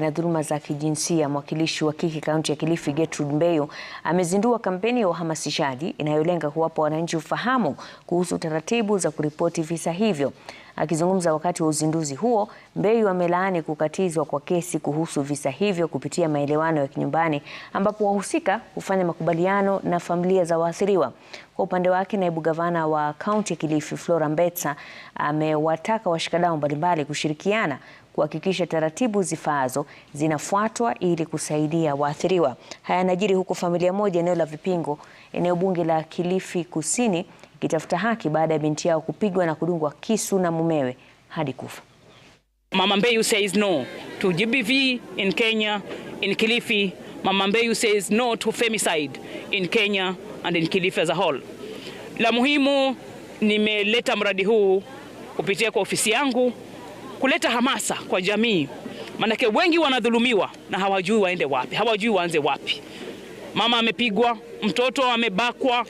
na dhuluma za kijinsia, mwakilishi wa kike kaunti ya Kilifi Gertrude Mbeyu amezindua kampeni ya uhamasishaji inayolenga kuwapa wananchi ufahamu kuhusu taratibu za kuripoti visa hivyo. Akizungumza wakati wa uzinduzi huo, Mbeyu amelaani kukatizwa kwa kesi kuhusu visa hivyo kupitia maelewano ya kinyumbani ambapo wahusika hufanya makubaliano na familia za waathiriwa. Kwa upande wake, naibu gavana wa kaunti ya Kilifi Flora Mbetsa amewataka washikadau mbalimbali kushirikiana kuhakikisha taratibu zifaazo zinafuatwa ili kusaidia waathiriwa. Haya yanajiri huku familia moja eneo la Vipingo, eneo bunge la Kilifi Kusini wakitafuta haki baada ya binti yao kupigwa na kudungwa kisu na mumewe hadi kufa. Mama Mbeyu says no to GBV in Kenya, in Kilifi. Mama Mbeyu says no to femicide in Kenya and in Kilifi as a whole. La muhimu nimeleta mradi huu kupitia kwa ofisi yangu kuleta hamasa kwa jamii, manake wengi wanadhulumiwa na hawajui waende wapi, hawajui waanze wapi. Mama amepigwa, mtoto amebakwa,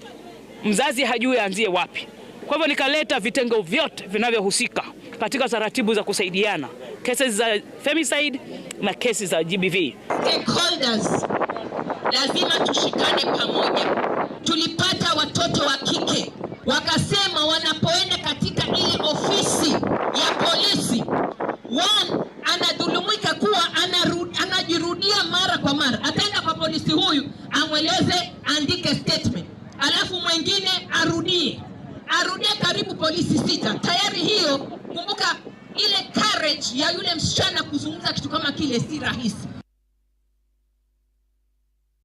mzazi hajui aanzie wapi. Kwa hivyo nikaleta vitengo vyote vinavyohusika katika taratibu za kusaidiana cases za femicide na kesi za GBV. Stakeholders lazima tushikane pamoja. Tulipata watoto wa kike wakasema wanapoenda katika ile ofisi ya polisi one anadhulumika kuwa anajirudia mara kwa mara, ataenda kwa polisi huyu amweleze, andike statement mwingine arudie, arudie karibu polisi sita. Tayari hiyo, kumbuka ile courage ya yule msichana kuzungumza kitu kama kile si rahisi.